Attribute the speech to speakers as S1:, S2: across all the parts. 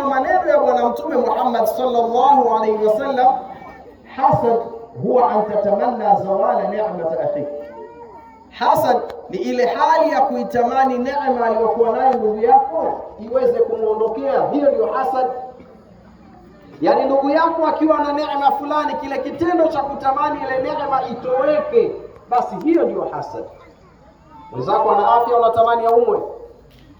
S1: na maneno ya Bwana Mtume Muhammad sallallahu alaihi wasallam, hasad huwa an tatamanna zawala ni'mata akhi. Hasad ni ile hali ya kuitamani neema aliyokuwa nayo ndugu yako iweze kumwondokea. Hiyo ndio hasad. Yaani ndugu yako akiwa na neema fulani, kile kitendo cha kutamani ile neema itoweke, basi hiyo ndio hasad. Mwenzako ana afya, unatamani aumwe.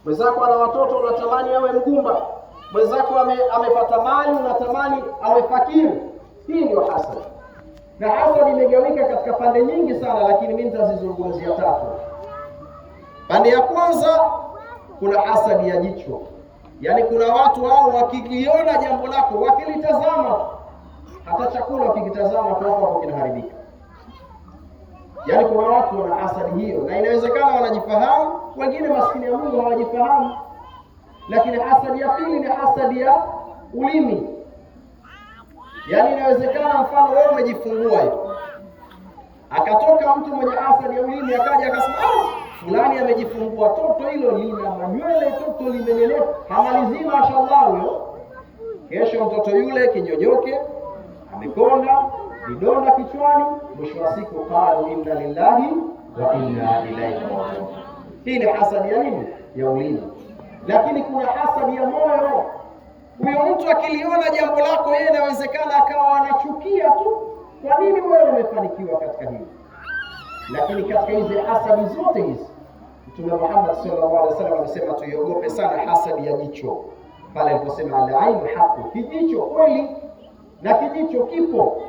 S1: Mwenzako ana watoto, unatamani awe mgumba mwenzako amepata mali, unatamani awe fakiri. Hii ndio hasadi, na hasadi imegawika katika pande nyingi sana, lakini mimi nitazizungumzia tatu. Pande ya kwanza, kuna hasadi ya jicho, yaani kuna watu hao wakiliona jambo lako, wakilitazama, hata chakula wakikitazama kwako hapo kinaharibika. Yaani kuna watu wana hasadi hiyo, na inawezekana wanajifahamu, wengine maskini ya Mungu hawajifahamu lakini hasadi ya pili ni hasadi ya ulimi, yaani inawezekana mfano wewe umejifungua hiyo, akatoka mtu mwenye hasadi ya ulimi akaja akasema ah, fulani amejifungua, toto hilo lina manywele, toto limenene, hamalizii, mashallah. Huyo kesho mtoto yule kinyonyoke, amekonda vidonda kichwani, mwisho wa siku qalu inna lillahi wa inna ilaihi rajiun. Hii ni hasadi ya nini? Ya ulimi lakini kuna hasadi ya moyo. Huyo mtu akiliona jambo lako yeye, inawezekana akawa anachukia tu, kwa nini wewe umefanikiwa katika hili. Lakini katika hizi hasadi zote hizi, Mtume Muhammad sallallahu alaihi wasallam amesema tuiogope sana hasadi ya jicho, pale aliposema al ainu haqu, kijicho kweli na kijicho kipo